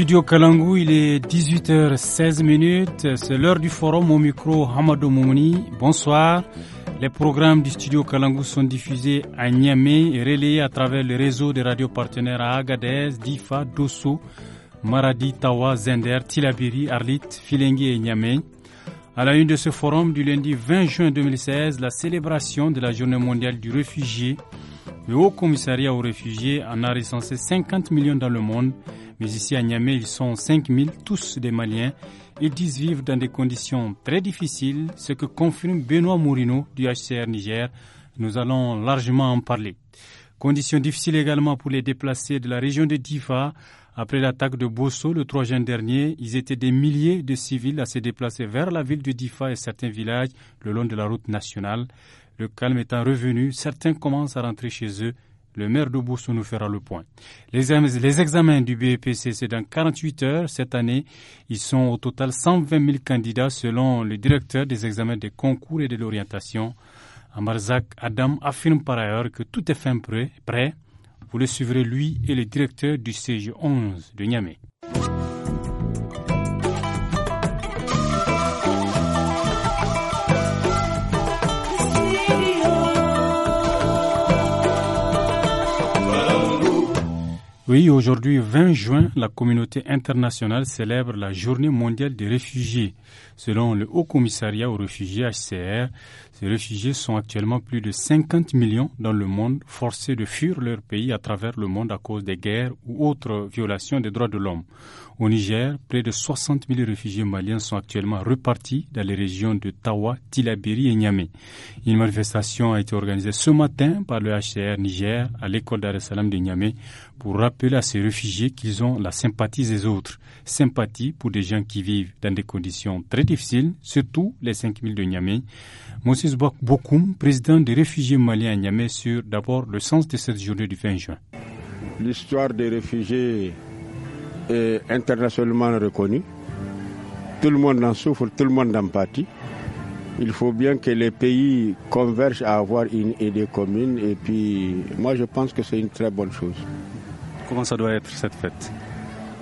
studio Kalangou, il est 18h16 C'est l'heure du forum au micro Hamadou Moumouni. Bonsoir. Les programmes du studio Kalangou sont diffusés à Niamey et relayés à travers le réseau des radios partenaires à Agadez, Difa, Dosso, Maradi, Tawa, Zender, Tilabiri, Arlit, Filengi et Niamey. À la une de ce forum du lundi 20 juin 2016, la célébration de la Journée mondiale du réfugié le Haut Commissariat aux réfugiés en a recensé 50 millions dans le monde, mais ici à Niamey, ils sont 000, tous des Maliens. Ils disent vivre dans des conditions très difficiles, ce que confirme Benoît Mourinho du HCR Niger. Nous allons largement en parler. Conditions difficiles également pour les déplacés de la région de Difa. Après l'attaque de Bosso le 3 juin dernier, ils étaient des milliers de civils à se déplacer vers la ville de Difa et certains villages le long de la route nationale. Le calme étant revenu, certains commencent à rentrer chez eux. Le maire de Boussou nous fera le point. Les, examens du BEPC, c'est dans 48 heures cette année. Ils sont au total 120 000 candidats selon le directeur des examens des concours et de l'orientation. Amarzak Adam affirme par ailleurs que tout est fin prêt. prêt. Vous le suivrez, lui et le directeur du CG11 de Niamey. Oui, aujourd'hui 20 juin, la communauté internationale célèbre la journée mondiale des réfugiés. Selon le Haut Commissariat aux réfugiés HCR, ces réfugiés sont actuellement plus de 50 millions dans le monde, forcés de fuir leur pays à travers le monde à cause des guerres ou autres violations des droits de l'homme. Au Niger, près de 60 000 réfugiés maliens sont actuellement repartis dans les régions de Tawa, Tilabiri et Niamey. Une manifestation a été organisée ce matin par le HCR Niger à l'école d'Aressalam de Niamey pour rappeler à ces réfugiés qu'ils ont la sympathie des autres. Sympathie pour des gens qui vivent dans des conditions très difficiles, surtout les 5 000 de Niamey. Monsieur Bokoum, président des réfugiés maliens à Niamey, sur d'abord le sens de cette journée du 20 juin. L'histoire des réfugiés est internationalement reconnue. Tout le monde en souffre, tout le monde en pâtit. Il faut bien que les pays convergent à avoir une idée commune. Et puis, moi, je pense que c'est une très bonne chose. Comment ça doit être cette fête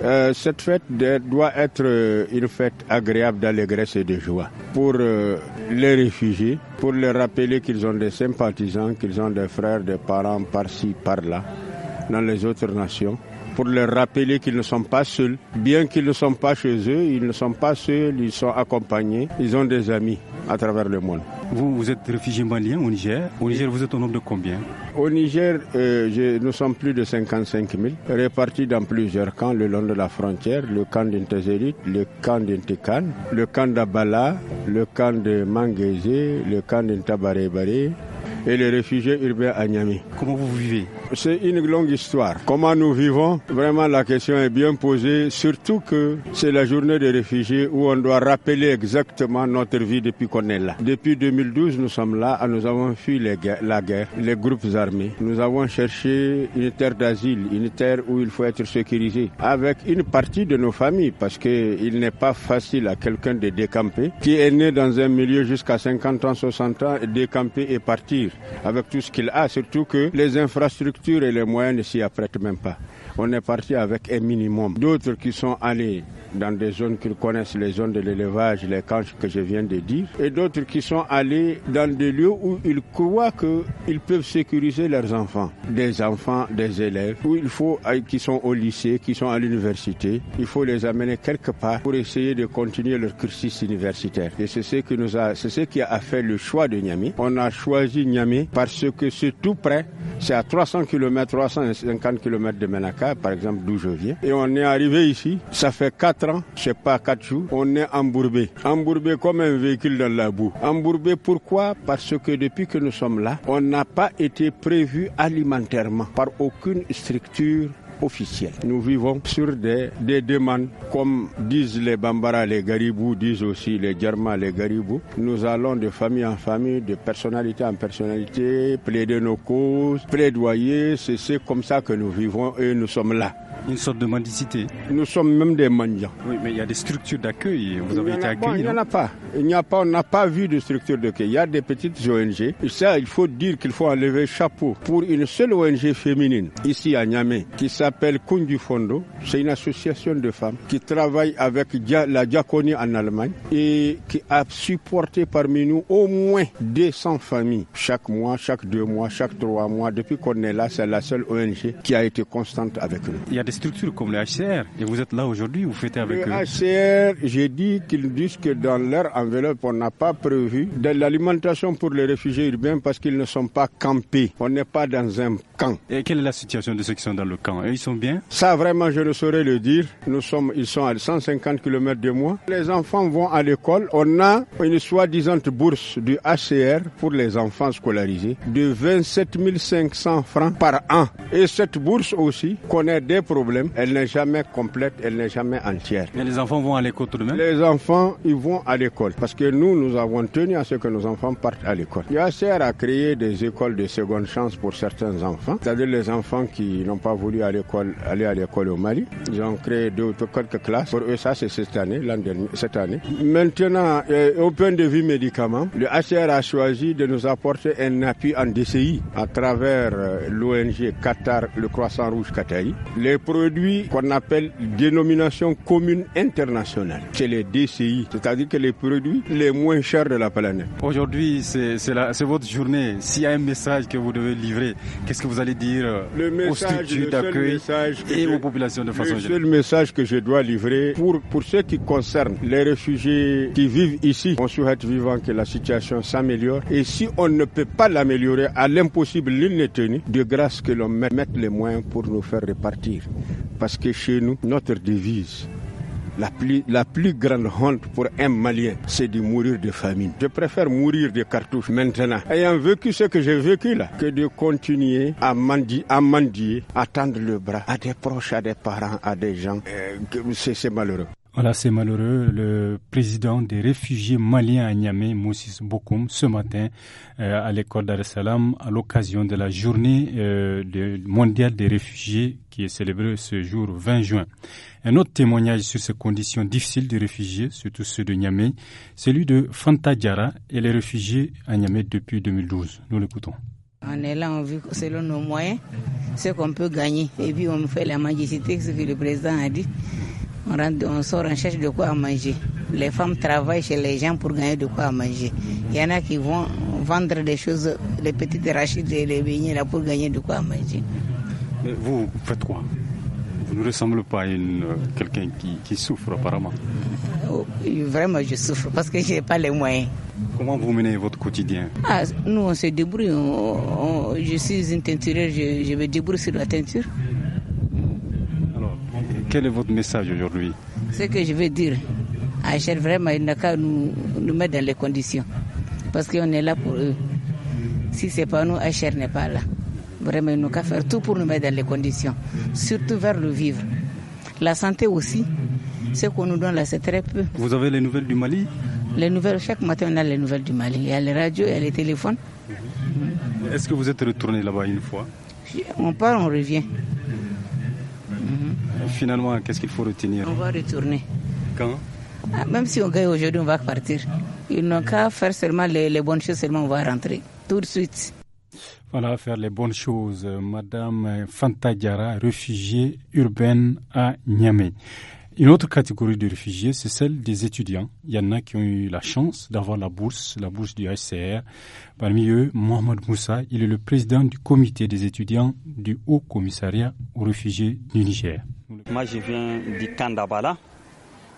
euh, cette fête doit être euh, une fête agréable d'allégresse et de joie pour euh, les réfugiés, pour leur rappeler qu'ils ont des sympathisants, qu'ils ont des frères, des parents par-ci, par-là, dans les autres nations pour leur rappeler qu'ils ne sont pas seuls. Bien qu'ils ne sont pas chez eux, ils ne sont pas seuls, ils sont accompagnés, ils ont des amis à travers le monde. Vous, êtes réfugié malien au Niger. Au Niger, vous êtes au nombre de combien Au Niger, euh, nous sommes plus de 55 000, répartis dans plusieurs camps le long de la frontière. Le camp d'Intezerit, le camp d'Intekan, le camp d'Abala, le camp de Manguézé, le camp d'Intabarebare et les réfugiés urbains à Niamey. Comment vous vivez c'est une longue histoire. Comment nous vivons Vraiment, la question est bien posée, surtout que c'est la journée des réfugiés où on doit rappeler exactement notre vie depuis qu'on est là. Depuis 2012, nous sommes là, nous avons fui la guerre, les groupes armés. Nous avons cherché une terre d'asile, une terre où il faut être sécurisé, avec une partie de nos familles, parce qu'il n'est pas facile à quelqu'un de décamper, qui est né dans un milieu jusqu'à 50 ans, 60 ans, décamper et partir, avec tout ce qu'il a, surtout que les infrastructures et les moyens ne s'y apprêtent même pas on est parti avec un minimum. D'autres qui sont allés dans des zones qu'ils connaissent, les zones de l'élevage, les canches que je viens de dire, et d'autres qui sont allés dans des lieux où ils croient qu'ils peuvent sécuriser leurs enfants, des enfants, des élèves, où il faut, euh, qui sont au lycée, qui sont à l'université, il faut les amener quelque part pour essayer de continuer leur cursus universitaire. Et c'est ce qui a, fait le choix de Niamey. On a choisi Niamey parce que c'est tout près, c'est à 300 km, 350 km de Menaka par exemple, d'où je viens. Et on est arrivé ici, ça fait quatre ans, je sais pas, quatre jours, on est embourbé. Embourbé comme un véhicule dans la boue. Embourbé pourquoi Parce que depuis que nous sommes là, on n'a pas été prévu alimentairement par aucune structure officielle. Nous vivons sur des, des demandes, comme disent les Bambara, les Garibou, disent aussi les Djerma, les Garibou. Nous allons de famille en famille, de personnalité en personnalité, plaider nos causes, plaidoyer. C'est comme ça que nous vivons et nous sommes là. Une sorte de mendicité. Nous sommes même des mendiants. Oui, mais il y a des structures d'accueil. Vous avez été accueillis. il n'y en a pas. Il n'y a pas. On n'a pas vu de structure d'accueil. Il y a des petites ONG. Et ça, il faut dire qu'il faut enlever chapeau pour une seule ONG féminine ici à Niamey qui s'appelle Fondo. C'est une association de femmes qui travaille avec la diaconie en Allemagne et qui a supporté parmi nous au moins 200 familles chaque mois, chaque deux mois, chaque trois mois. Depuis qu'on est là, c'est la seule ONG qui a été constante avec nous. Il y a des structures comme le HCR et vous êtes là aujourd'hui, vous fêtez avec eux. Le HCR, j'ai dit qu'ils disent que dans leur enveloppe, on n'a pas prévu de l'alimentation pour les réfugiés urbains parce qu'ils ne sont pas campés. On n'est pas dans un camp. Et quelle est la situation de ceux qui sont dans le camp sont bien Ça, vraiment, je ne saurais le dire. Nous sommes, ils sont à 150 km de moi. Les enfants vont à l'école. On a une soi-disant bourse du HCR pour les enfants scolarisés de 27 500 francs par an. Et cette bourse aussi connaît des problèmes. Elle n'est jamais complète, elle n'est jamais entière. Mais les enfants vont à l'école tout de même Les enfants, ils vont à l'école. Parce que nous, nous avons tenu à ce que nos enfants partent à l'école. Le HCR a créé des écoles de seconde chance pour certains enfants, c'est-à-dire les enfants qui n'ont pas voulu aller aller à l'école au Mali. Ils ont créé deux, quelques classes. Pour eux, ça, c'est cette année, l'an dernier, cette année. Maintenant, euh, au point de vue médicaments, le HCR a choisi de nous apporter un appui en DCI à travers euh, l'ONG Qatar, le Croissant Rouge Qatari. Les produits qu'on appelle dénomination commune internationale, c'est les DCI, c'est-à-dire que les produits les moins chers de la planète. Aujourd'hui, c'est votre journée. S'il y a un message que vous devez livrer, qu'est-ce que vous allez dire euh, le message, d'accueil et aux populations de façon Le seul message que je dois livrer pour, pour ceux qui concernent les réfugiés qui vivent ici, on souhaite vivant que la situation s'améliore. Et si on ne peut pas l'améliorer, à l'impossible, l'île n'est tenue. De grâce que l'on mette les moyens pour nous faire repartir. Parce que chez nous, notre devise, la plus, la plus grande honte pour un Malien, c'est de mourir de famine. Je préfère mourir de cartouches maintenant, ayant vécu ce que j'ai vécu là, que de continuer à mendier, à mendier, à tendre le bras à des proches, à des parents, à des gens. Euh, c'est malheureux. Voilà, c'est malheureux. Le président des réfugiés maliens à Niamey, Moussis Bokoum, ce matin, euh, à l'école dar à l'occasion de la journée euh, mondiale des réfugiés qui est célébrée ce jour 20 juin. Un autre témoignage sur ces conditions difficiles des réfugiés, surtout ceux de Niamey, celui de Fanta Diara et les réfugiés à Niamey depuis 2012. Nous l'écoutons. On est là, on vit selon nos moyens, ce qu'on peut gagner. Et puis on fait la magicité, ce que le président a dit. On, sort, on cherche de quoi à manger. Les femmes travaillent chez les gens pour gagner de quoi à manger. Il y en a qui vont vendre des choses, les petites rachides et les beignets là pour gagner de quoi manger. vous faites quoi Vous ne ressemblez pas à euh, quelqu'un qui, souffre apparemment. Oh, vraiment, je souffre parce que je n'ai pas les moyens. Comment vous menez votre quotidien ah, Nous, on se débrouille. je suis une teinturière, je, je me débrouille sur la teinture. Quel est votre message aujourd'hui Ce que je veux dire, HR, vraiment, il n'a qu'à nous, mettre dans les conditions. Parce qu'on est là pour eux. Si ce n'est pas nous, HR n'est pas là. Vraiment, il n'a qu'à faire tout pour nous mettre dans les conditions. Surtout vers le vivre. La santé aussi. Ce qu'on nous donne là, c'est très peu. Vous avez les nouvelles du Mali Les nouvelles, chaque matin, on a les nouvelles du Mali. Il y a les radios, il y a les téléphones. Est-ce que vous êtes retourné là-bas une fois On part, on revient. Finalement, qu'est-ce qu'il faut retenir On va retourner. Quand ah, Même si on gagne aujourd'hui, on va partir. Ils n'ont qu'à faire seulement les, bonnes choses, seulement on va rentrer. Tout de suite. Voilà, faire les bonnes choses. Madame Fantagiara, réfugiée urbaine à Niamey. Une autre catégorie de réfugiés, c'est celle des étudiants. Il y en a qui ont eu la chance d'avoir la bourse, la bourse du HCR. Parmi eux, Mohamed Moussa, il est le président du comité des étudiants du Haut Commissariat aux réfugiés du Niger. Moi, je viens du Kandabala.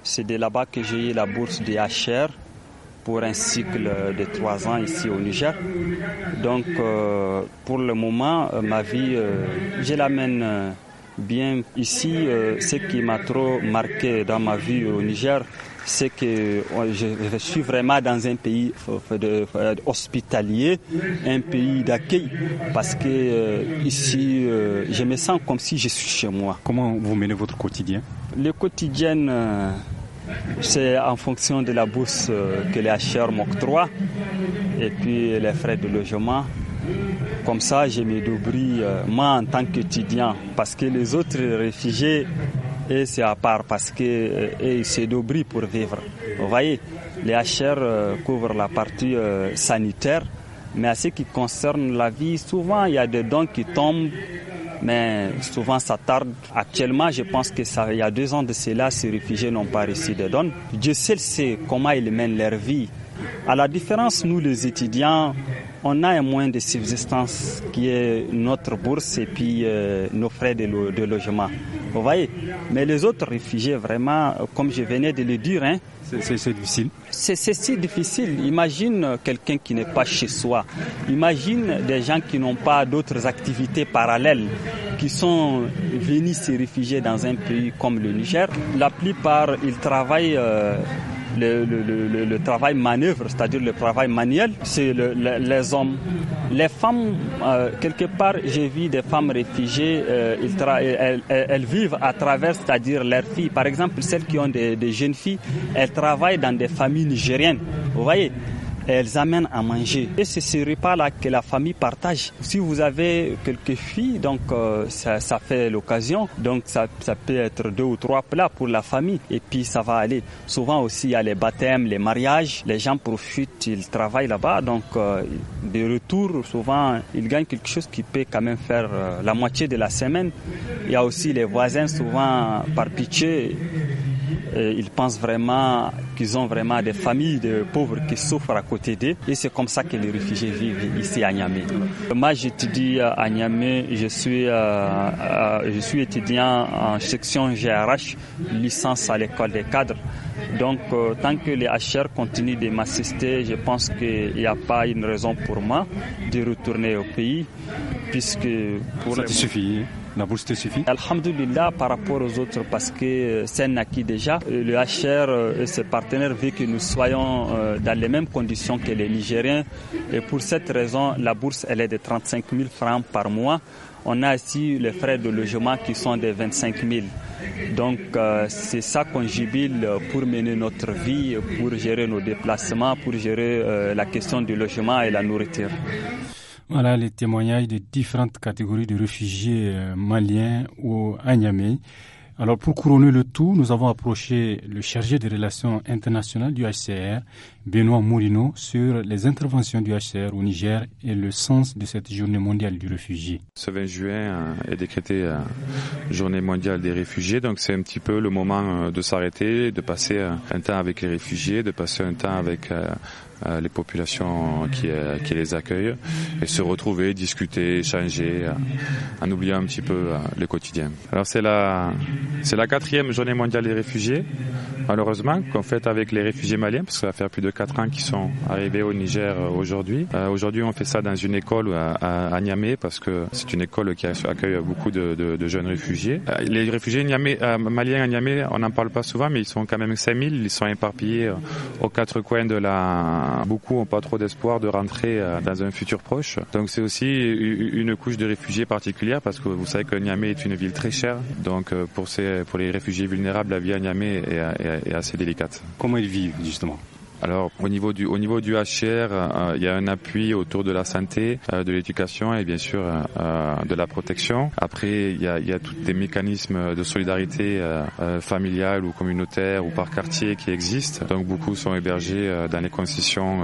C'est de là-bas que j'ai eu la bourse du HR pour un cycle de trois ans ici au Niger. Donc, euh, pour le moment, euh, ma vie, euh, je l'amène Bien, ici, euh, ce qui m'a trop marqué dans ma vie au Niger, c'est que euh, je suis vraiment dans un pays euh, hospitalier, un pays d'accueil, parce que ici, je me sens comme si je suis chez moi. Comment vous menez votre quotidien Le quotidien, c'est en fonction de la bourse que les acheteurs m'octroient, et puis les frais de logement, comme ça, je me débrouille, euh, moi, en tant qu'étudiant, parce que les autres réfugiés, et c'est à part, parce qu'ils euh, se débrouillent pour vivre. Vous voyez, les HR euh, couvrent la partie sanitaire, mais à ce qui concerne la vie, souvent, il y a des dons qui tombent mais souvent ça tarde. Actuellement, je pense que ça, y a deux ans de cela, ces réfugiés n'ont pas reçu de dons. Dieu seul sait comment ils mènent leur vie. À la différence, nous les étudiants, on a un moyen de subsistance qui est notre bourse et puis euh, nos frais de, logement. Vous voyez Mais les autres réfugiés, vraiment, euh, comme je venais de le dire, hein, c'est difficile. C'est si difficile. Imagine euh, quelqu'un qui n'est pas chez soi. Imagine des gens qui n'ont pas d'autres activités parallèles, qui sont venus se réfugier dans un pays comme le Niger. La plupart, ils travaillent le, travail manœuvre, c'est-à-dire le travail manuel, c'est les hommes. Les femmes, euh, quelque part, j'ai vu des femmes réfugiées, euh, elles, vivent à travers, c'est-à-dire leurs filles. Par exemple, celles qui ont des, des jeunes filles, elles travaillent dans des familles nigériennes. Vous voyez elles amènent à manger. Et c'est ce repas-là que la famille partage. Si vous avez quelques filles, donc euh, ça, fait l'occasion. Donc ça, peut être deux ou trois plats pour la famille. Et puis ça va aller. Souvent aussi, il y a les baptêmes, les mariages. Les gens profitent, ils travaillent là-bas. Donc euh, de retour, souvent, ils gagnent quelque chose qui peut quand même faire euh, la moitié de la semaine. Il y a aussi les voisins, souvent par pitié euh, ils pensent vraiment qu'ils ont vraiment des familles de pauvres qui souffrent à côté d'eux. Et c'est comme ça que les réfugiés vivent ici à Niamey. Moi, j'étudie euh, à Niamey. Euh, je suis, étudiant en section GRH, licence à l'école des cadres. Donc, tant que les HR continuent de m'assister, je pense qu'il n'y a pas une raison pour moi de retourner au pays, puisque pour ça suffit. La bourse suffit Alhamdulillah par rapport aux autres parce que euh, c'est un acquis déjà. Euh, le HR euh, et ses partenaires veulent que nous soyons dans les mêmes conditions que les Nigériens. Et pour cette raison, la bourse elle est de 35 000 francs par mois. On a aussi les frais de logement qui sont de 25 000. Donc c'est ça qu'on jubile pour mener notre vie, pour gérer nos déplacements, pour gérer la question du logement et la nourriture. Voilà les témoignages de différentes catégories de réfugiés euh, maliens ou à Alors pour couronner le tout, nous avons approché le chargé des relations internationales du HCR, Benoît Mourinho, sur les interventions du HCR au Niger et le sens de cette journée mondiale du réfugié. Ce 20 juin euh, est décrété euh, journée mondiale des réfugiés, donc c'est un petit peu le moment de s'arrêter, de passer un temps avec les réfugiés, de passer un temps avec euh, les populations qui, euh, qui, les accueillent et se retrouver, discuter, échanger, euh, en oubliant un petit peu le quotidien. Alors c'est la, c'est la quatrième journée mondiale des réfugiés, malheureusement, qu'on fait avec les réfugiés maliens, parce que ça va faire plus de 4 ans qu'ils sont arrivés au Niger aujourd'hui. aujourd'hui, on fait ça dans une école à, à, Niamey, parce que c'est une école qui accueille beaucoup de, de, jeunes réfugiés. les réfugiés maliens à Niamey, on n'en parle pas souvent, mais ils sont quand même 5000, ils sont éparpillés aux quatre coins de la beaucoup n'ont pas trop d'espoir de rentrer euh, dans un futur proche. Donc c'est aussi une couche de réfugiés particulière parce que vous savez que Niamey est une ville très chère. Donc euh, pour, les réfugiés vulnérables, la vie à Niamey est assez délicate. Comment ils vivent justement alors au niveau du au niveau du HR, euh, il y a un appui autour de la santé, euh, de l'éducation et bien sûr euh, de la protection. Après il y a il y a tous des mécanismes de solidarité familiale ou communautaire ou par quartier qui existent. Donc beaucoup sont hébergés dans les concessions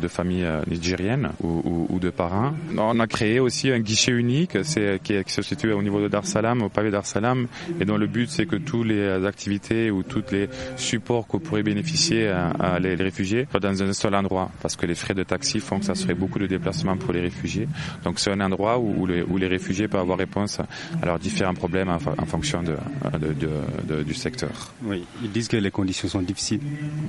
de familles nigériennes ou, ou, de parents. On a créé aussi un guichet unique, c'est qui, qui, se situe au niveau de Dar Salam, au pavé Dar Salam, et dont le but c'est que toutes les activités ou tous les supports que pourraient bénéficier à, les, les réfugiés dans un seul endroit, parce que les frais de taxi font que ça serait beaucoup de déplacements pour les réfugiés. Donc c'est un endroit où, où, les, réfugiés peuvent avoir réponse à leurs différents problèmes en, fonction de, du secteur. Oui, ils disent que les conditions sont difficiles.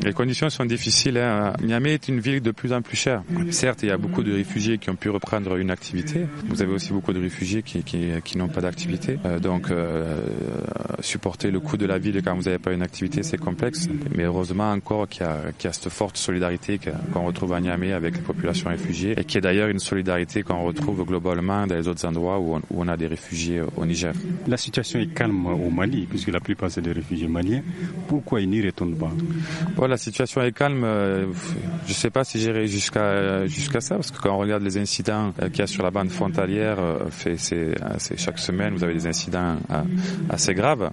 Les conditions sont difficiles. Hein. Niamey est une ville de plus en plus chère. Certes, il y a beaucoup de réfugiés qui ont pu reprendre une activité. Vous avez aussi beaucoup de réfugiés qui, n'ont pas d'activité. Euh, donc euh, supporter le coût de la ville quand vous n'avez pas une activité, c'est complexe. Mais heureusement encore qu'il a, qu'il y a cette forte solidarité qu'on retrouve à Niamey avec les populations réfugiées et qui est d'ailleurs une solidarité qu'on retrouve globalement dans les autres endroits où on, a des réfugiés au Niger. La situation est calme au Mali puisque la plupart c'est des réfugiés maliens. Pourquoi ils n'y retournent pas bon, La situation est calme. Euh, je ne sais pas si j'irai jusqu'à jusqu'à ça parce que quand on regarde les incidents euh, qu'il y a sur la bande frontalière, euh, c'est chaque semaine vous avez des incidents assez graves.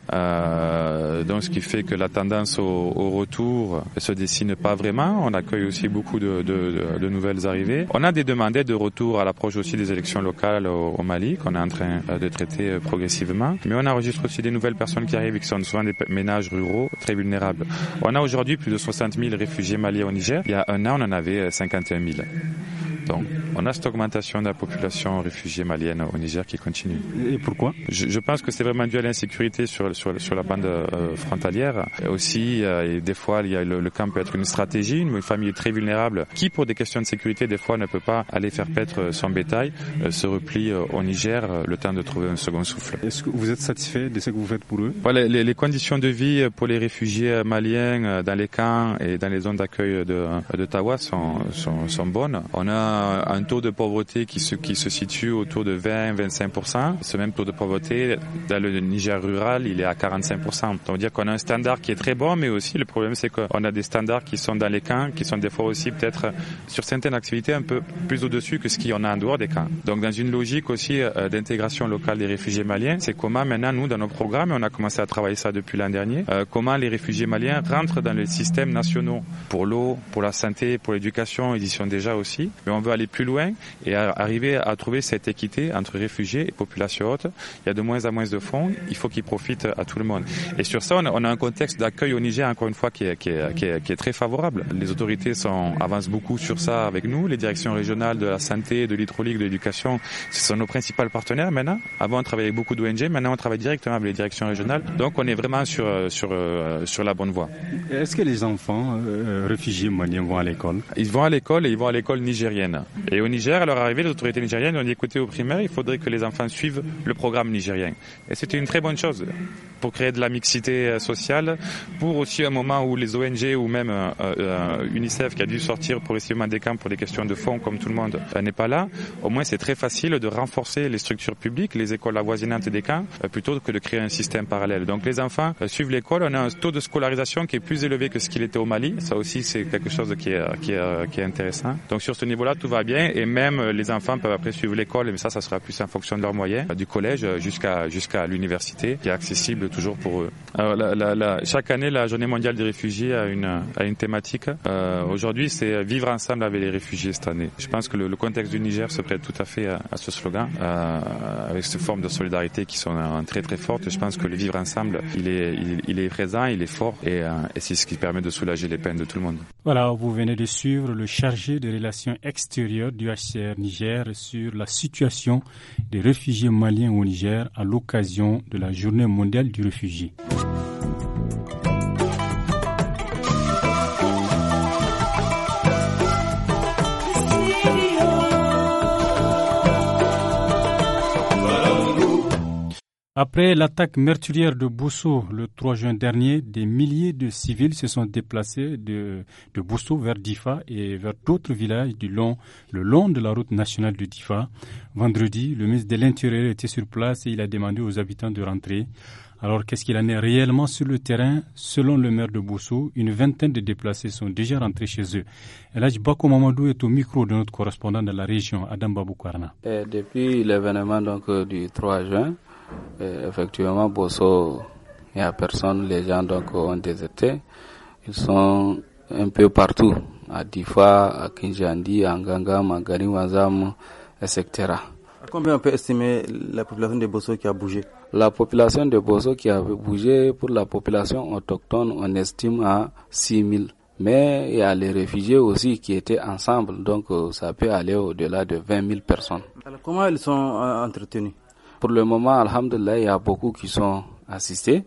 donc ce qui fait que la tendance au, au retour se dessine pas vraiment on accueille aussi beaucoup de, nouvelles arrivées. On a des demandes de retour à l'approche aussi des élections locales au, Mali qu'on est en train euh, de traiter euh, progressivement. Mais on enregistre aussi des nouvelles personnes qui arrivent, qui sont souvent des ménages ruraux très vulnérables. On a aujourd'hui plus de 60 000 réfugiés maliens au Niger. Il y a un an, on en avait 51 euh, 000. Donc, on a cette augmentation de la population réfugiée malienne au Niger qui continue. Et pourquoi je, pense que c'est vraiment dû à l'insécurité sur, sur, sur, la bande euh, frontalière. aussi, euh, et des fois, il y a le, camp peut être une stratégie, une famille très vulnérable qui, pour des questions de sécurité, des fois ne peut pas aller faire paître son bétail, euh, se replie au Niger le temps de trouver un second souffle. Est-ce que vous êtes satisfait de ce que vous faites pour eux les, conditions de vie pour les réfugiés maliens dans les camps et dans les zones d'accueil de, de Tawa sont, sont, sont bonnes. On a un taux de pauvreté qui se, qui se situe autour de 20-25%. Ce même taux de pauvreté, dans le Niger rural, il est à 45%. Donc, dire qu'on a un standard qui est très bon, mais aussi le problème, c'est qu'on a des standards qui sont dans les camps, qui sont des fois aussi peut-être sur certaines activités un peu plus au-dessus que ce qu'il y en a en dehors des camps. Donc, dans une logique aussi euh, d'intégration locale des réfugiés maliens, c'est comment maintenant, nous, dans nos programmes, et on a commencé à travailler ça depuis l'an dernier, euh, comment les réfugiés maliens rentrent dans les systèmes nationaux pour l'eau, pour la santé, pour l'éducation, ils y sont déjà aussi. Mais on veut aller plus loin et arriver à trouver cette équité entre réfugiés et population haute. Il y a de moins en moins de fonds, il faut qu'ils profitent à tout le monde. Et sur ça, on a un contexte d'accueil au Niger, encore une fois, qui est, qui, est, très favorable. Les autorités sont, avancent beaucoup sur ça avec nous. Les directions régionales de la santé, de l'hydraulique, de l'éducation, ce sont nos principaux partenaires maintenant. Avant, on travaillait avec beaucoup d'ONG, maintenant, on travaille directement avec les directions régionales. Donc, on est vraiment sur, sur, euh, sur la bonne voie. Est-ce que les enfants euh, euh, réfugiés maliens vont à l'école Ils vont à l'école et ils vont à l'école nigérienne. Et au Niger, à leur arrivée, les autorités nigériennes ont dit écoutez, au primaire, il faudrait que les enfants suivent le programme nigérien. Et c'était une très bonne chose pour créer de la mixité euh, sociale, pour aussi un moment où les ONG ou même euh, euh, UNICEF qui a dû sortir progressivement des camps pour des questions de fonds, comme tout le monde n'est pas là, au moins c'est très facile de renforcer les structures publiques, les écoles avoisinantes des camps, plutôt que de créer un système parallèle. Donc les enfants suivent l'école, on a un taux de scolarisation qui est plus élevé que ce qu'il était au Mali, ça aussi c'est quelque chose qui qui est intéressant. Donc sur ce niveau-là, tout va bien et même euh, les enfants peuvent après suivre l'école, mais ça, ça sera plus en fonction de leurs moyens, du collège euh, jusqu'à jusqu'à l'université, qui est accessible toujours pour eux. chaque année, la Journée mondiale des réfugiés a une a une thématique. Euh, aujourd'hui, c'est vivre ensemble avec les réfugiés cette année. Je pense que le, contexte du Niger se prête tout à fait à, ce slogan, avec cette forme de solidarité qui sont très très fortes. Je pense que le vivre ensemble, il est il, est présent, il est fort, et, et c'est ce qui permet de soulager les peines de tout le monde. Voilà, vous venez de suivre le chargé de relations extérieures du HCR Niger sur la situation des réfugiés maliens au Niger à l'occasion de la journée mondiale du réfugié. Après l'attaque meurtrière de Bousso le 3 juin dernier, des milliers de civils se sont déplacés de, de Bousso vers Difa et vers d'autres villages du long, le long de la route nationale de Difa. Vendredi, le ministre de l'Intérieur était sur place et il a demandé aux habitants de rentrer. Alors qu'est-ce qu'il en est réellement sur le terrain Selon le maire de Bousso, une vingtaine de déplacés sont déjà rentrés chez eux. Elhaj Bakou Mamadou est au micro de notre correspondant de la région, Adam Baboukarna. Depuis l'événement donc euh, du 3 juin, euh, effectivement, Bosso, il n'y a personne. Les gens donc ont déserté. Ils sont un peu partout. À Difa, à Kinjandi, à Ngangam, à Garimwazam, etc. combien on peut estimer la population de Bosso qui a bougé La population de Bosso qui a bougé, pour la population autochtone, on estime à 6 000. Mais il y a les réfugiés aussi qui étaient ensemble, donc euh, ça peut aller au-delà de 20 000 personnes. comment ils sont euh, entretenus pour le moment, Alhamdulillah, il y a beaucoup qui sont assistés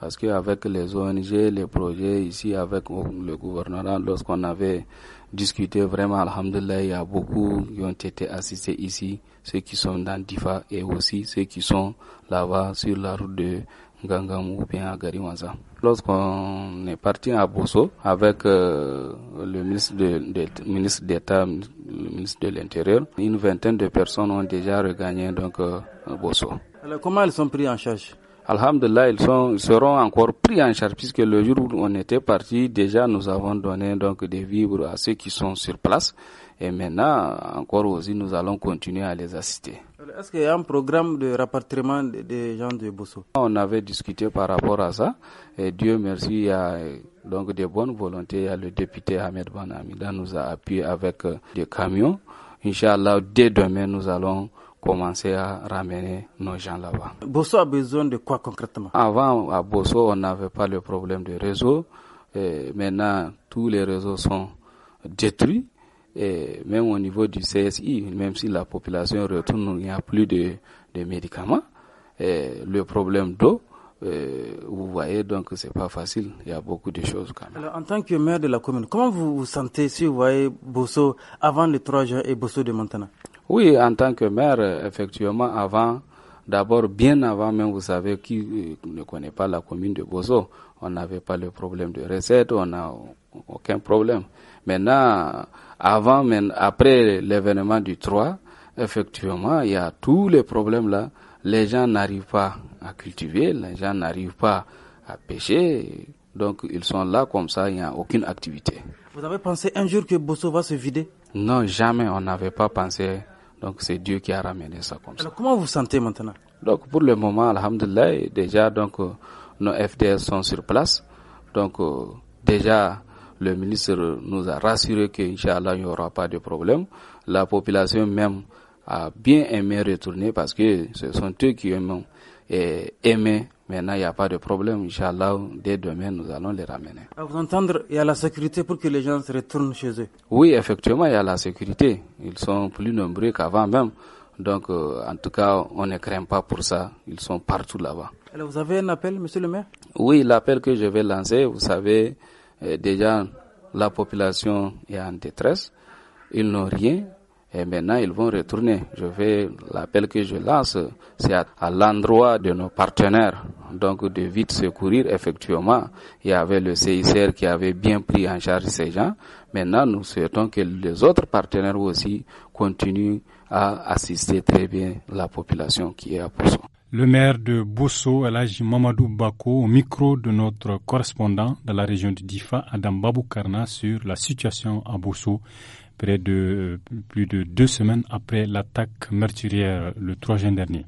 parce qu'avec les ONG, les projets ici, avec le gouvernement, lorsqu'on avait discuté vraiment, Alhamdulillah, il y a beaucoup qui ont été assistés ici, ceux qui sont dans DIFA et aussi ceux qui sont là-bas sur la route de Lorsqu'on est parti à Bosso avec euh, le ministre ministre d'État, le ministre de l'Intérieur, une vingtaine de personnes ont déjà regagné donc euh, Bosso. Alors comment ils sont pris en charge Alhamdulillah, ils, sont, seront encore pris en charge puisque le jour où on était parti, déjà nous avons donné donc des vivres à ceux qui sont sur place. Et maintenant, encore aussi, nous allons continuer à les assister. Est-ce qu'il y a un programme de rapatriement des gens de Bosso On avait discuté par rapport à ça. Et Dieu merci, il y a donc des bonnes volontés. Le député Ahmed Banamida nous a appuyé avec euh, des camions. Inch'Allah, dès demain, nous allons commencer à ramener nos gens là-bas. Bosso a besoin de quoi concrètement Avant, à Bosso, on n'avait pas le problème de réseau. Et maintenant, tous les réseaux sont détruits même au niveau du CSI, même si la population retourne, il n'y a plus de, médicaments. le problème d'eau, euh, vous voyez donc c'est pas facile. Il y a beaucoup de choses quand même. en tant que maire de la commune, comment vous vous sentez si vous voyez Bosso avant les 3 jours et Bosso de Montana Oui, en tant que maire, effectivement, avant, d'abord, bien avant même, vous savez, qui euh, ne connaît pas la commune de Bosso, on n'avait pas le problème de recettes, on n'a aucun problème. Maintenant, avant, mais après l'événement du 3, effectivement, il y a tous les problèmes là. Les gens n'arrivent pas à cultiver, les gens n'arrivent pas à pêcher. Donc, ils sont là comme ça, il n'y a aucune activité. Vous avez pensé un jour que Bosso va se vider Non, jamais, on n'avait pas pensé. Donc, c'est Dieu qui a ramené ça comme ça. Alors, comment vous vous sentez maintenant Donc, pour le moment, alhamdulillah, déjà, donc, euh, nos FDS sont sur place. Donc, euh, déjà, le ministre nous a rassuré qu'Inch'Allah, il n'y aura pas de problème. La population même a bien aimé retourner parce que ce sont eux qui aiment et eh, Maintenant, il n'y a pas de problème. Inch'Allah, dès demain, nous allons les ramener. À vous entendre, il y a la sécurité pour que les gens se retournent chez eux Oui, effectivement, il y a la sécurité. Ils sont plus nombreux qu'avant même. Donc, euh, en tout cas, on ne craint pas pour ça. Ils sont partout là-bas. Alors, vous avez un appel, monsieur le maire Oui, l'appel que je vais lancer, vous savez, euh, déjà la population est en détresse, ils n'ont rien, et maintenant ils vont retourner. Je vais, l'appel que je lance, c'est à, l'endroit de nos partenaires, donc de vite secourir effectivement. Il y avait le CICR qui avait bien pris en charge ces gens. Maintenant, nous souhaitons que les autres partenaires aussi continuent à assister très bien la population qui est à Poisson. Le maire de Bousso, Alhaji Mamadou Bako, au micro de notre correspondant dans la région de Difa, Adam Baboukarna, sur la situation à Bousso, près de euh, plus de deux semaines après l'attaque meurtrière le 3 juin dernier.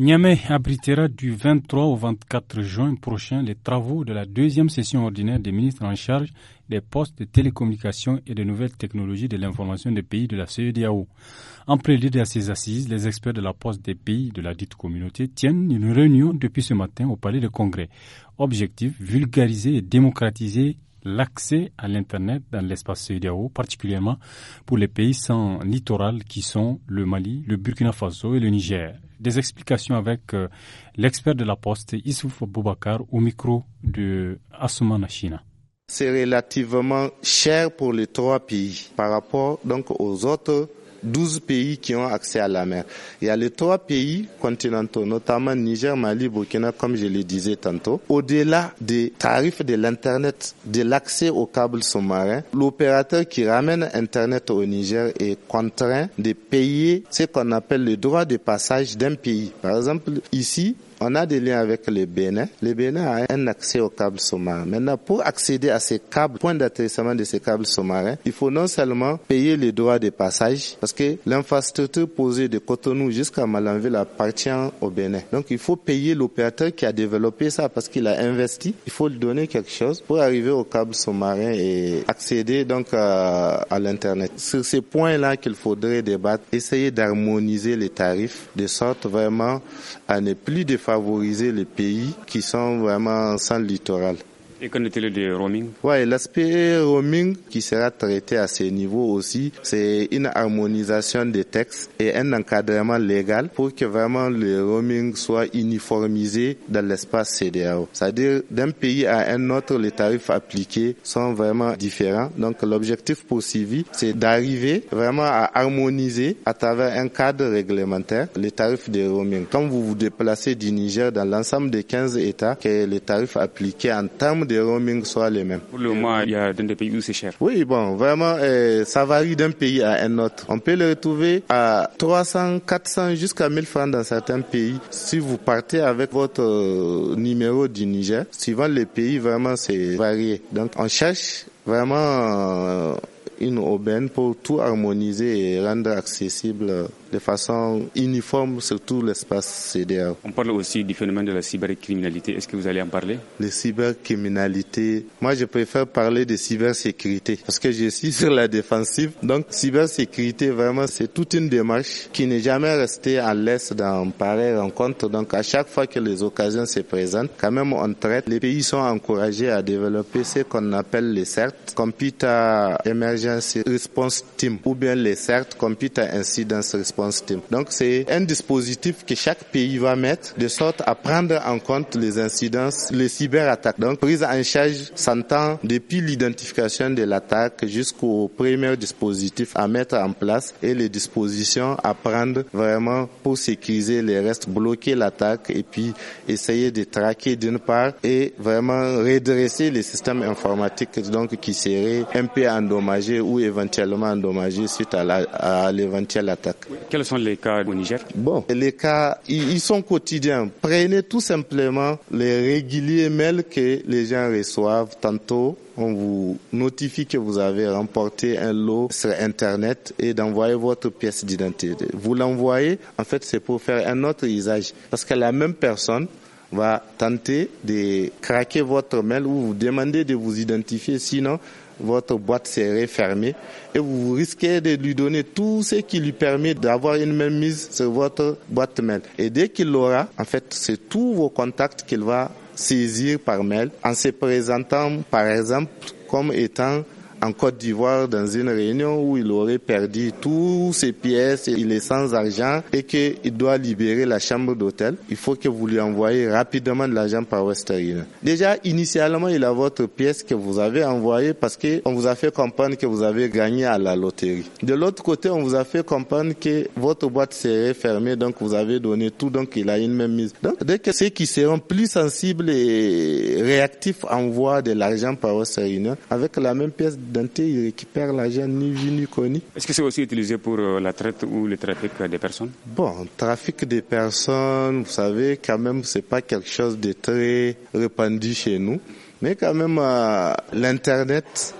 Niamey abritera du 23 au 24 juin prochain les travaux de la deuxième session ordinaire des ministres en charge des postes de télécommunications et des nouvelles technologies de l'information des pays de la CEDAO. En prélude à ces assises, les experts de la poste des pays de la dite communauté tiennent une réunion depuis ce matin au palais de congrès. Objectif, vulgariser et démocratiser l'accès à l'Internet dans l'espace CEDEAO, particulièrement pour les pays sans littoral qui sont le Mali, le Burkina Faso et le Niger. Des explications avec euh, l'expert de la Poste, Isouf Boubacar, au micro de Assoumana China. C'est relativement cher pour les trois pays par rapport donc aux autres 12 pays qui ont accès à la mer. Il y a les trois pays continentaux, notamment Niger, Mali, Burkina, comme je le disais tantôt. Au-delà des tarifs de l'Internet, de l'accès aux câbles sous-marins, l'opérateur qui ramène Internet au Niger est contraint de payer ce qu'on appelle le droit de passage d'un pays. Par exemple, ici, on a des liens avec les Bénin. Les Bénin a un accès aux câbles sous-marins. Maintenant, pour accéder à ces câbles, point d'atterrissage de ces câbles sous-marins, il faut non seulement payer les droits de passage, parce que l'infrastructure posée de Cotonou jusqu'à Malanville appartient au Bénin. Donc, il faut payer l'opérateur qui a développé ça parce qu'il a investi. Il faut lui donner quelque chose pour arriver au câble sous marin et accéder donc à, à l'Internet. Sur ces points-là qu'il faudrait débattre, essayer d'harmoniser les tarifs de sorte vraiment à ne plus défendre favoriser les pays qui sont vraiment sans littoral. Et qu'en est-il du roaming Oui, l'aspect roaming qui sera traité à ce niveau aussi, c'est une harmonisation des textes et un encadrement légal pour que vraiment le roaming soit uniformisé dans l'espace CDAO. C'est-à-dire d'un pays à un autre, les tarifs appliqués sont vraiment différents. Donc l'objectif poursuivi, c'est d'arriver vraiment à harmoniser à travers un cadre réglementaire les tarifs de roaming. Quand vous vous déplacez du Niger dans l'ensemble des 15 États, que les tarifs appliqués en termes des roaming soient les mêmes. Pour le moment, il y a dans des pays où c'est cher. Oui, bon, vraiment, eh, ça varie d'un pays à un autre. On peut le retrouver à 300, 400, jusqu'à 1000 francs dans certains pays. Si vous partez avec votre euh, numéro du Niger, suivant les pays, vraiment, c'est varié. Donc, on cherche vraiment euh, une aubaine pour tout harmoniser et rendre accessible euh, de façon uniforme sur tout l'espace CDR. On parle aussi du phénomène de la cybercriminalité. Est-ce que vous allez en parler La cybercriminalité, moi je préfère parler de cybersécurité parce que je suis sur la défensive. Donc cybersécurité, vraiment, c'est toute une démarche qui n'est jamais restée à l'est dans pareille rencontre. Donc à chaque fois que les occasions se présentent, quand même on traite. Les pays sont encouragés à développer ce qu'on appelle les CERT, Computer Emergency Response Team, ou bien les CERT, Computer Incidence Response donc c'est un dispositif que chaque pays va mettre de sorte à prendre en compte les incidences, les cyberattaques. Donc prise en charge s'entend depuis l'identification de l'attaque jusqu'au premier dispositif à mettre en place et les dispositions à prendre vraiment pour sécuriser les restes, bloquer l'attaque et puis essayer de traquer d'une part et vraiment redresser les systèmes informatiques donc qui seraient un peu endommagés ou éventuellement endommagés suite à l'éventuelle attaque. Quels sont les cas au Niger Bon, les cas, ils sont quotidiens. Prenez tout simplement les réguliers mails que les gens reçoivent tantôt on vous notifie que vous avez remporté un lot sur Internet et d'envoyer votre pièce d'identité. Vous l'envoyez, en fait, c'est pour faire un autre usage. Parce que la même personne va tenter de craquer votre mail ou vous demander de vous identifier. Sinon, votre boîte serrée fermée et vous risquez de lui donner tout ce qui lui permet d'avoir une même mise sur votre boîte mail. Et dès qu'il l'aura, en fait, c'est tous vos contacts qu'il va saisir par mail en se présentant, par exemple, comme étant en Côte d'Ivoire dans une réunion où il aurait perdu toutes ses pièces, et il est sans argent et qu'il doit libérer la chambre d'hôtel, il faut que vous lui envoyez rapidement de l'argent par Western Union. Déjà, initialement, il a votre pièce que vous avez envoyée parce qu'on vous a fait comprendre que vous avez gagné à la loterie. De l'autre côté, on vous a fait comprendre que votre boîte serait fermée, donc vous avez donné tout, donc il a une même mise. Donc, dès que ceux qui seront plus sensibles et réactifs envoient de l'argent par Western Union, avec la même pièce d'identité, ils récupèrent l'argent ni vu ni connu. Est-ce que c'est aussi utilisé pour euh, la traite ou le trafic des personnes Bon, trafic des personnes, vous savez, quand même, c'est pas quelque chose de très répandu chez nous. Mais quand même, euh, l'Internet,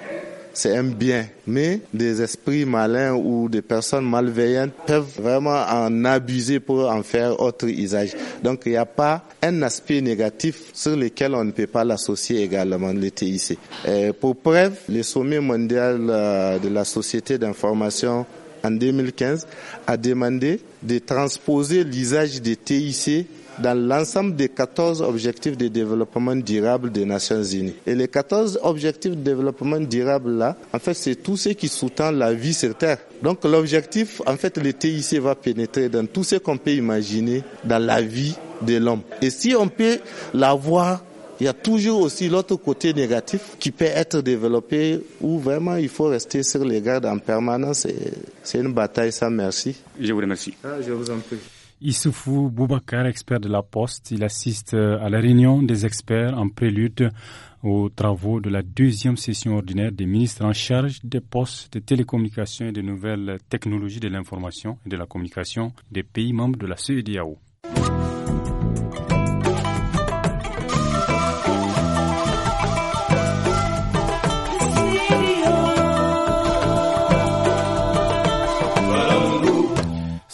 c'est un bien. Mais des esprits malins ou des personnes malveillantes peuvent vraiment en abuser pour en faire autre usage. Donc il n'y a pas un aspect négatif sur lequel on ne peut pas l'associer également le TIC. Euh, pour preuve, le sommet mondial euh, de la société d'information en 2015 a demandé de transposer l'usage des TIC dans l'ensemble des 14 objectifs de développement durable des Nations Unies. Et les 14 objectifs de développement durable là, en fait, c'est tout ce qui sous-tend la vie sur Terre. Donc l'objectif, en fait, le TIC va pénétrer dans tout ce qu'on peut imaginer dans la vie de l'homme. Et si on peut la voir il y a toujours aussi l'autre côté négatif qui peut être développé où vraiment il faut rester sur les gardes en permanence. C'est une bataille ça, merci. Je vous remercie. Ah, je vous en prie. Issoufou Boubacar, expert de la Poste, il assiste à la réunion des experts en prélude aux travaux de la deuxième session ordinaire des ministres en charge des postes de télécommunications et des nouvelles technologies de l'information et de la communication des pays membres de la CEDEAO.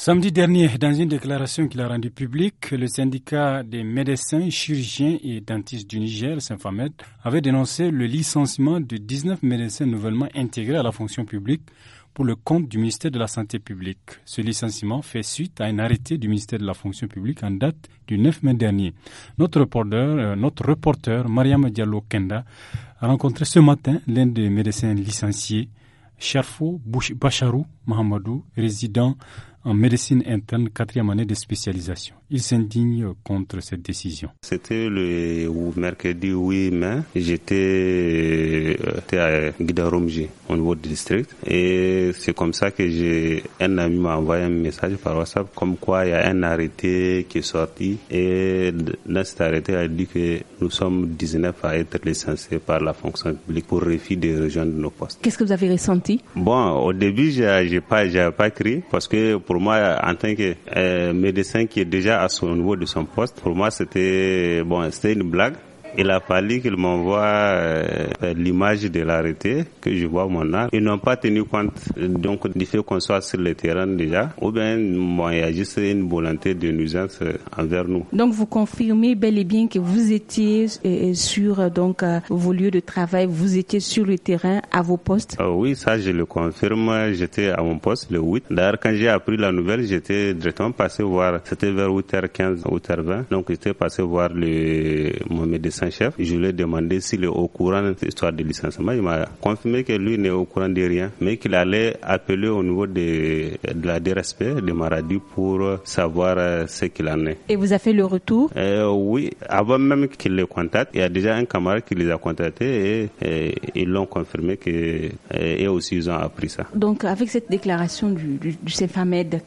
Samedi dernier, dans une déclaration qu'il a rendue publique, le syndicat des médecins, chirurgiens et dentistes du Niger, Symphamed, avait dénoncé le licenciement de 19 médecins nouvellement intégrés à la fonction publique pour le compte du ministère de la Santé publique. Ce licenciement fait suite à un arrêté du ministère de la Fonction publique en date du 9 mai dernier. Notre reporter, euh, notre reporter Mariam Diallo Kenda a rencontré ce matin l'un des médecins licenciés, Sharfo Bacharou Mahamadou, résident en médecine interne, quatrième année de spécialisation. Il s'indigne contre cette décision. C'était le mercredi 8 mai. Euh, j'étais à Guidaromji, au niveau du district. Et c'est comme ça que j'ai un ami m'a envoyé un message par WhatsApp comme quoi il y a un arrêté qui est sorti. Et dans cet arrêté, a dit que nous sommes 19 à être licenciés par la fonction publique pour refus de rejoindre nos postes. Qu'est-ce que vous avez ressenti Bon, au début, j'ai pas, pas crié parce que pour pour moi, en tant que euh, médecin qui est déjà à son niveau de son poste, pour moi, c'était bon, c'était une blague. Il a fallu qu'il m'envoie euh, l'image de l'arrêté, que je vois mon Ils n'ont pas tenu compte donc du fait qu'on soit sur le terrain déjà, ou bien il y a juste une volonté de nuisance euh, envers nous. Donc vous confirmez bel et bien que vous étiez euh, sur donc vos lieux de travail, vous étiez sur le terrain à vos postes Oui, ça je le confirme. J'étais à mon poste le 8. D'ailleurs, quand j'ai appris la nouvelle, j'étais directement passé voir, c'était vers 8h15, 8h20, donc j'étais passé voir le, mon médecin chef. Je lui ai demandé s'il est au courant de l'histoire de licenciement. Il m'a confirmé que lui n'est au courant de rien, mais qu'il allait appeler au niveau de, la DRSP de Maradi pour savoir euh, ce qu'il en est. Et vous avez fait le retour euh, Oui, avant même qu'il les contacte, il y a déjà un camarade qui les a contactés et, ils l'ont confirmé que et euh, aussi ils ont appris ça. Donc avec cette déclaration du, du,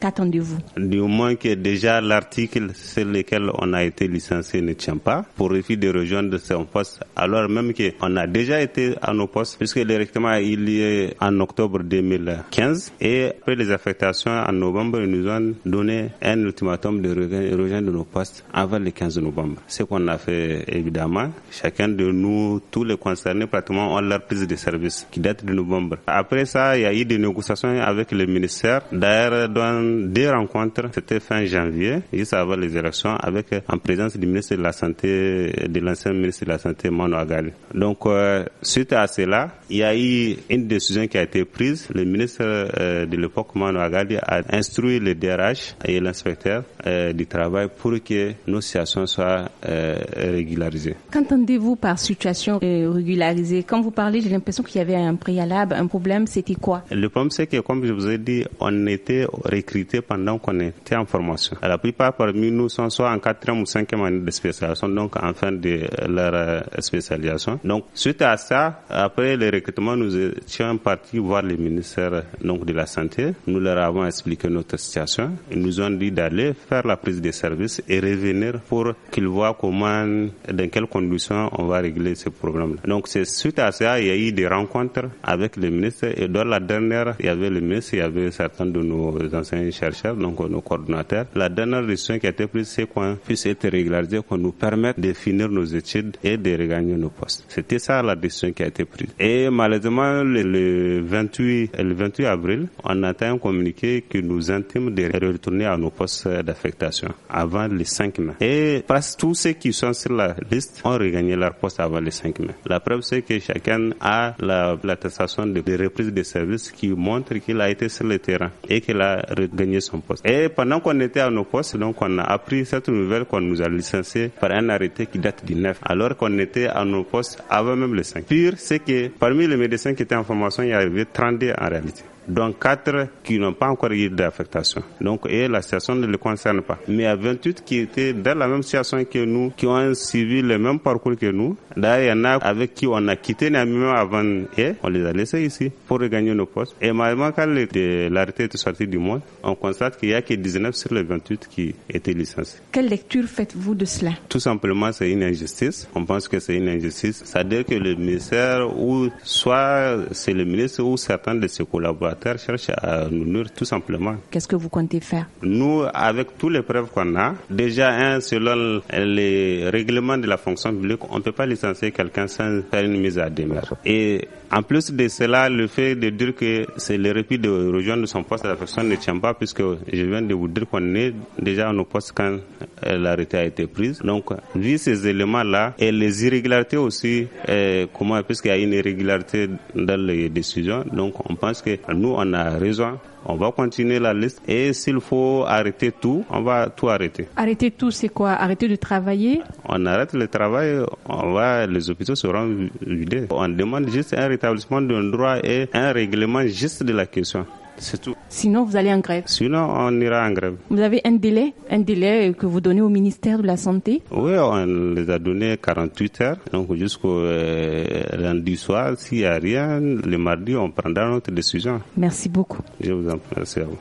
qu'attendez-vous Du moins que déjà l'article sur lequel on a été licencié ne tient pas pour refus de rejoindre de son poste, alors même qu'on a déjà été à nos postes, puisque directement il y est en octobre 2015, et après les affectations en novembre, ils nous ont donné un ultimatum de rejoindre nos postes avant le 15 novembre. Ce qu'on a fait, évidemment, chacun de nous, tous les concernés, pratiquement, ont leur prise de service qui date de novembre. Après ça, il y a eu des négociations avec le ministère. D'ailleurs, dans des rencontres, c'était fin janvier, juste avant les élections, avec en présence du ministre de la Santé de l'ancien ministre de la Santé, Mano Agali. Donc, euh, suite à cela, il y a eu une décision qui a été prise. Le ministre euh, de l'époque, Mano Agali, a instruit le DRH et l'inspecteur euh, du travail pour que nos situations soient régularisées. Qu'entendez-vous par situation régularisée Quand vous parlez, j'ai l'impression qu'il y avait un préalable, un problème, c'était quoi Le problème, c'est que, comme je vous ai dit, on était recrutés pendant qu'on était en formation. la plupart parmi nous sont soit en quatrième ou cinquième année de spécialisation, donc en fin de leur euh, spécialisation. Donc, suite à ça, après le recrutement, nous étions partis voir le ministère donc, de la Santé. Nous leur avons expliqué notre situation. Ils nous ont dit d'aller faire la prise de service et revenir pour qu'ils voient comment, dans quelles conditions on va régler ce problème. -là. Donc, c'est suite à ça, il y a eu des rencontres avec le ministres. et dans la dernière, il y avait le ministre, il y avait certains de nos anciens chercheurs, donc nos coordonnateurs. La dernière décision qui a été prise, c'est qu'on puisse être régularisé, qu'on nous permette de finir nos études et de regagner nos postes. C'était ça la décision qui a été prise. Et malheureusement, le, 28, le 28 avril, on atteint un communiqué que nous intimes de retourner à nos postes d'affectation avant les 5 mai. Et parce tous ceux qui sont sur la liste ont regagné leur poste avant les 5 mai. La preuve, c'est que chacun a l'attestation de, de reprise des services qui montre qu'il a été sur le terrain et qu'il a regagné son poste. Et pendant qu'on était à nos postes, donc on a appris cette nouvelle qu'on nous a licencié par un arrêté qui date du 9 alors qu'on était à nos postes avant même le 5. Pire, c'est que parmi les médecins qui étaient en formation, il y avait 32 en réalité dont 4 qui n'ont pas encore eu d'affectation. Donc, et la situation ne les concerne pas. Mais il y a 28 qui étaient dans la même situation que nous, qui ont suivi le même parcours que nous. D'ailleurs, il y en a avec qui on a quitté Namibia avant et on les a laissés ici pour regagner nos postes. Et malheureusement, quand l'arrêté est sorti du monde, on constate qu'il n'y a que 19 sur les 28 qui étaient licenciés. Quelle lecture faites-vous de cela Tout simplement, c'est une injustice. On pense que c'est une injustice. C'est-à-dire que le ministère, ou soit c'est le ministre, ou certains de ses collaborateurs cherche à nous nourrir tout simplement. Qu'est-ce que vous comptez faire Nous, avec toutes les preuves qu'on a, déjà, selon les règlements de la fonction publique, on ne peut pas licencier quelqu'un sans faire une mise à demeure. Et en plus de cela, le fait de dire que c'est le répit de rejoindre son poste la à personne ne tient pas puisque je viens de vous dire qu'on est déjà à nos postes quand euh, l'arrêté a été pris. Donc, vu ces éléments-là et les irrégularités aussi, euh, comment, puisqu'il y a une irrégularité dans les décisions, donc on pense que nous, on a raison on va continuer la liste et s'il faut arrêter tout, on va tout arrêter. Arrêter tout, c'est quoi Arrêter de travailler On arrête le travail, on va, les hôpitaux seront vidés. On demande juste un rétablissement d'un droit et un règlement juste de la question c'est tout. Sinon, vous allez en grève Sinon, on ira en grève. Vous avez un délai Un délai que vous donnez au ministère de la Santé Oui, on les a donné 48 heures. Donc, jusqu'au euh, lundi soir, s'il n'y a rien, le mardi, on prendra notre décision. Merci beaucoup. Je vous en prie. Merci à vous.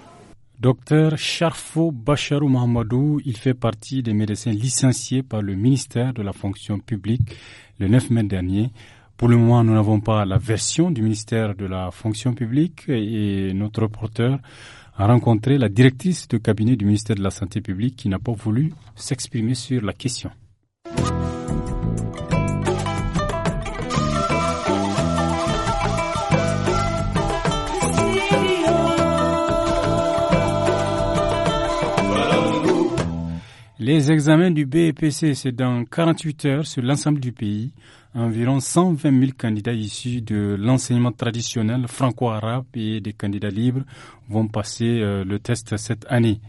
Docteur Charfo Bacharou Mahamadou, il fait partie des médecins licenciés par le ministère de la fonction publique le 9 mai dernier pour le moment, nous n'avons pas la version du ministère de la fonction publique et notre reporter a rencontré la directrice de cabinet du ministère de la Santé publique qui n'a pas voulu s'exprimer sur la question. Les examens du BEPC, c'est dans 48 heures sur l'ensemble du pays environ 120 000 candidats issus de l'enseignement traditionnel franco-arabe et des candidats libres vont passer euh, le test cette année.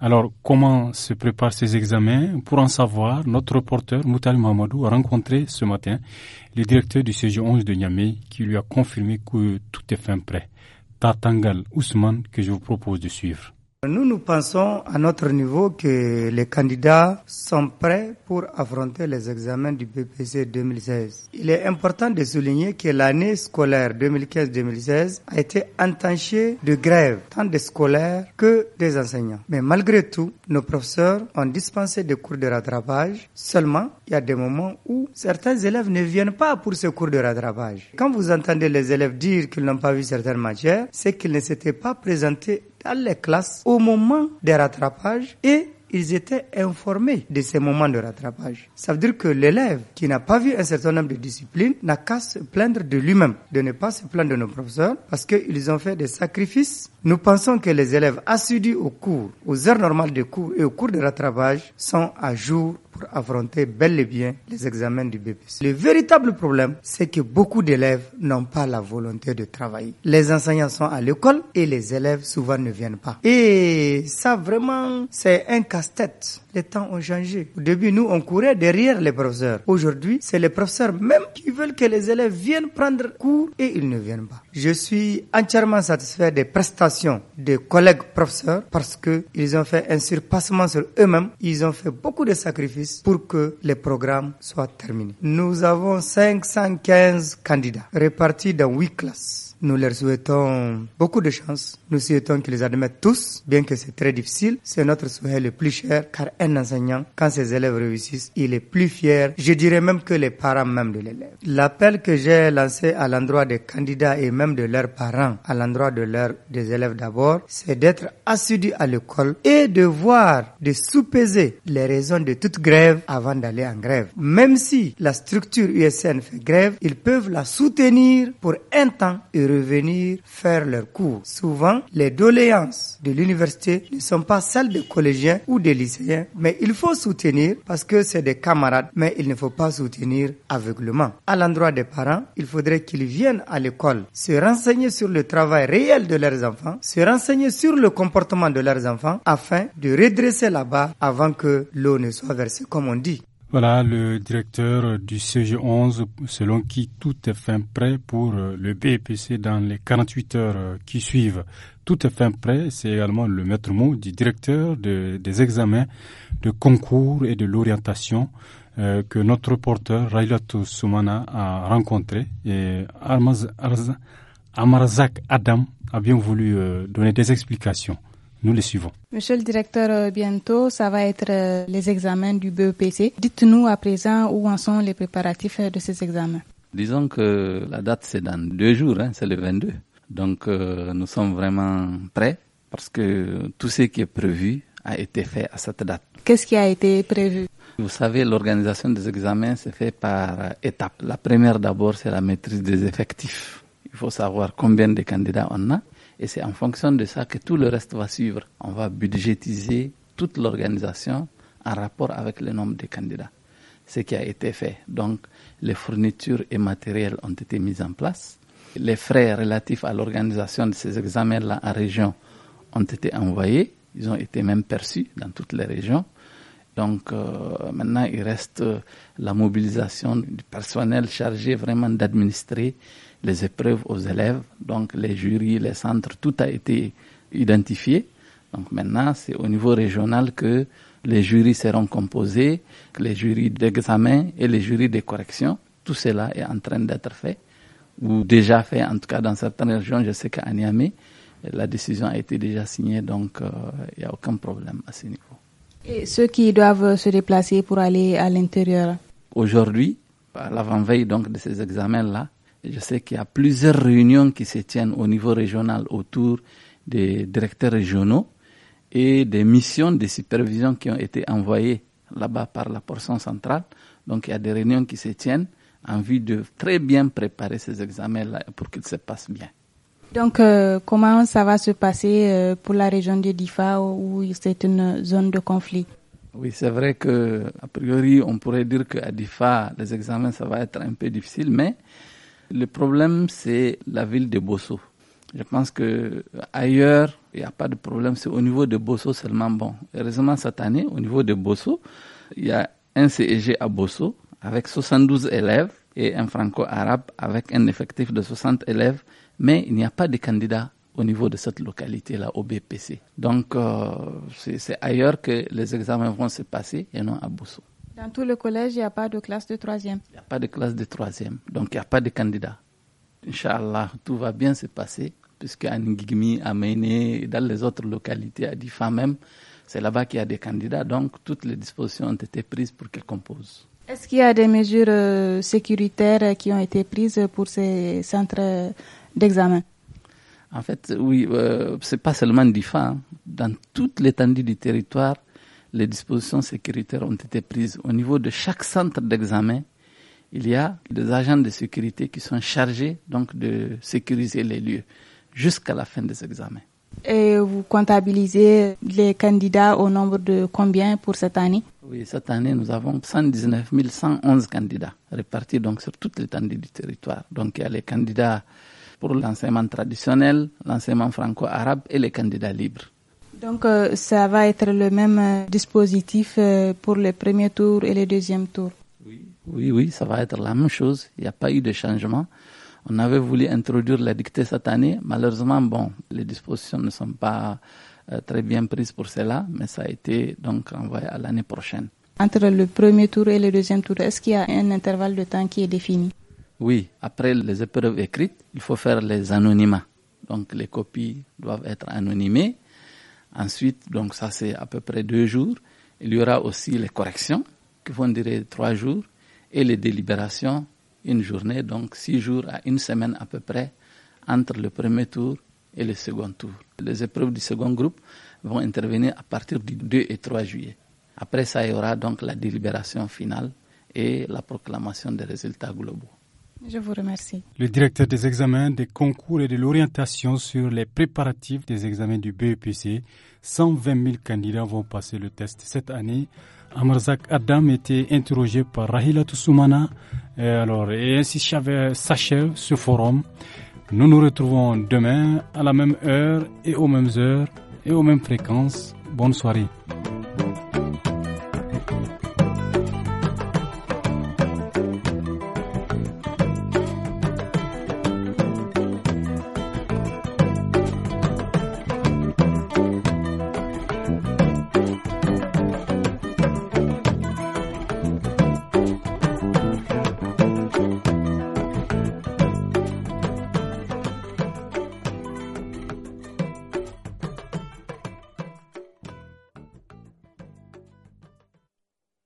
Alors, comment se préparent ces examens Pour en savoir, notre reporter Moutal Mamadou a rencontré ce matin le directeur du CG11 de Niamey qui lui a confirmé que tout est fin prêt. Tatangal Ousmane que je vous propose de suivre. Nous, nous pensons à notre niveau que les candidats sont prêts pour affronter les examens du PPC 2016. Il est important de souligner que l'année scolaire 2015-2016 a été entanchée de grèves, tant des scolaires que des enseignants. Mais malgré tout, nos professeurs ont dispensé des cours de rattrapage. Seulement, il y a des moments où certains élèves ne viennent pas pour ce cours de rattrapage. Quand vous entendez les élèves dire qu'ils n'ont pas vu certaines matières, c'est qu'ils ne s'étaient pas présentés à les classes au moment des rattrapages et ils étaient informés de ces moments de rattrapage. Ça veut dire que l'élève qui n'a pas vu un certain nombre de disciplines n'a qu'à se plaindre de lui-même, de ne pas se plaindre de nos professeurs, parce qu'ils ont fait des sacrifices. Nous pensons que les élèves assidus aux cours, aux heures normales de cours et aux cours de rattrapage sont à jour pour affronter bel et bien les examens du BPC. Le véritable problème, c'est que beaucoup d'élèves n'ont pas la volonté de travailler. Les enseignants sont à l'école et les élèves souvent ne viennent pas. Et ça vraiment, c'est un casse-tête. Les temps ont changé. Au début, nous, on courait derrière les professeurs. Aujourd'hui, c'est les professeurs même qui veulent que les élèves viennent prendre cours et ils ne viennent pas. Je suis entièrement satisfait des prestations des collègues professeurs parce que ils ont fait un surpassement sur eux-mêmes. Ils ont fait beaucoup de sacrifices pour que les programmes soient terminés. Nous avons 515 candidats répartis dans huit classes. Nous leur souhaitons beaucoup de chance. Nous souhaitons qu'ils admettent tous, bien que c'est très difficile. C'est notre souhait le plus cher, car un enseignant, quand ses élèves réussissent, il est plus fier. Je dirais même que les parents même de l'élève. L'appel que j'ai lancé à l'endroit des candidats et même de leurs parents, à l'endroit de leurs des élèves d'abord, c'est d'être assidus à l'école et de voir, de sous les raisons de toute grève avant d'aller en grève. Même si la structure USN fait grève, ils peuvent la soutenir pour un temps et venir faire leurs cours. Souvent, les doléances de l'université ne sont pas celles des collégiens ou des lycéens, mais il faut soutenir parce que c'est des camarades, mais il ne faut pas soutenir aveuglement. À l'endroit des parents, il faudrait qu'ils viennent à l'école, se renseigner sur le travail réel de leurs enfants, se renseigner sur le comportement de leurs enfants afin de redresser la barre avant que l'eau ne soit versée, comme on dit. Voilà le directeur du CG11, selon qui tout est fin prêt pour euh, le BPC dans les 48 heures euh, qui suivent. Tout est fin prêt, c'est également le maître mot du directeur des examens, de concours et de l'orientation euh, que notre reporter Railato Soumana a rencontré et Amarzak Adam a bien voulu donner des explications. Nous les suivons. Monsieur le directeur, euh, bientôt, ça va être euh, les examens du BEPC. Dites-nous à présent où en sont les préparatifs euh, de ces examens. Disons que la date, c'est dans deux jours, hein, c'est le 22. Donc, nous sommes vraiment prêts parce que tout ce qui est prévu a été fait à cette date. Qu'est-ce qui a été prévu Vous savez, l'organisation des examens se fait par étapes. La première d'abord, c'est la maîtrise des effectifs. Il faut savoir combien de candidats on a et c'est en fonction de ça que tout le reste va suivre. On va budgétiser toute l'organisation en rapport avec le nombre de candidats. Ce qui a été fait. Donc, les fournitures et matériels ont été mis en place. Les frais relatifs à l'organisation de ces examens-là en région ont été envoyés. Ils ont été même perçus dans toutes les régions. Donc euh, maintenant, il reste la mobilisation du personnel chargé vraiment d'administrer les épreuves aux élèves, donc les jurys, les centres, tout a été identifié. Donc maintenant, c'est au niveau régional que les jurys seront composés, les jurys d'examen et les jurys de correction. Tout cela est en train d'être fait, ou déjà fait, en tout cas dans certaines régions. Je sais qu'à Niamey, la décision a été déjà signée, donc il euh, n'y a aucun problème à ce niveau. Et ceux qui doivent se déplacer pour aller à l'intérieur Aujourd'hui, à l'avant-veille donc de ces examens-là, je sais qu'il y a plusieurs réunions qui se tiennent au niveau régional autour des directeurs régionaux et des missions de supervision qui ont été envoyées là-bas par la portion centrale. Donc il y a des réunions qui se tiennent en vue de très bien préparer ces examens-là pour qu'ils se passent bien. Donc, euh, comment ça va se passer euh, pour la région de Difa où c'est une zone de conflit Oui, c'est vrai que a priori, on pourrait dire qu'à Difa, les examens, ça va être un peu difficile, mais le problème, c'est la ville de Bosso. Je pense que ailleurs, il n'y a pas de problème. C'est au niveau de Bosso seulement bon. Heureusement, cette année, au niveau de Bosso, il y a un CEG à Bosso avec 72 élèves et un franco-arabe avec un effectif de 60 élèves, mais il n'y a pas de candidat au niveau de cette localité-là, au BPC. Donc, euh, c'est ailleurs que les examens vont se passer et non à Bosso. Dans tout le collège, il n'y a pas de classe de troisième. Il n'y a pas de classe de troisième, donc il n'y a pas de candidat. Inch'Allah, tout va bien se passer, puisque Ngigmi, mené dans les autres localités, à Difa même, c'est là-bas qu'il y a des candidats, donc toutes les dispositions ont été prises pour qu'ils composent. Est-ce qu'il y a des mesures euh, sécuritaires qui ont été prises pour ces centres d'examen En fait, oui, euh, c'est pas seulement DIFA. Hein. Dans toute l'étendue du territoire, les dispositions sécuritaires ont été prises. Au niveau de chaque centre d'examen, il y a des agents de sécurité qui sont chargés donc de sécuriser les lieux jusqu'à la fin des examens. Et vous comptabilisez les candidats au nombre de combien pour cette année Oui, cette année, nous avons 119 111 candidats répartis donc sur toute l'étendue du territoire. Donc il y a les candidats pour l'enseignement traditionnel, l'enseignement franco-arabe et les candidats libres. Donc euh, ça va être le même euh, dispositif euh, pour le premier tour et le deuxième tour. Oui, oui, oui ça va être la même chose. Il n'y a pas eu de changement. On avait voulu introduire la dictée cette année. Malheureusement, bon, les dispositions ne sont pas très bien prises pour cela, mais ça a été donc envoyé à l'année prochaine. Entre le premier tour et le deuxième tour, est-ce qu'il y a un intervalle de temps qui est défini Oui, après les épreuves écrites, il faut faire les anonymats. Donc les copies doivent être anonymées Ensuite, donc ça c'est à peu près deux jours. Il y aura aussi les corrections qui vont durer trois jours et les délibérations une journée, donc six jours à une semaine à peu près entre le premier tour et le second tour. Les épreuves du second groupe vont intervenir à partir du 2 et 3 juillet. Après ça, il y aura donc la délibération finale et la proclamation des résultats globaux. Je vous remercie. Le directeur des examens, des concours et de l'orientation sur les préparatifs des examens du BEPC, 120 000 candidats vont passer le test cette année. Amarzak Adam était interrogé par Rahila Toussoumana. Euh, alors, et ainsi s'achève ce forum. Nous nous retrouvons demain à la même heure et aux mêmes heures et aux mêmes fréquences. Bonne soirée.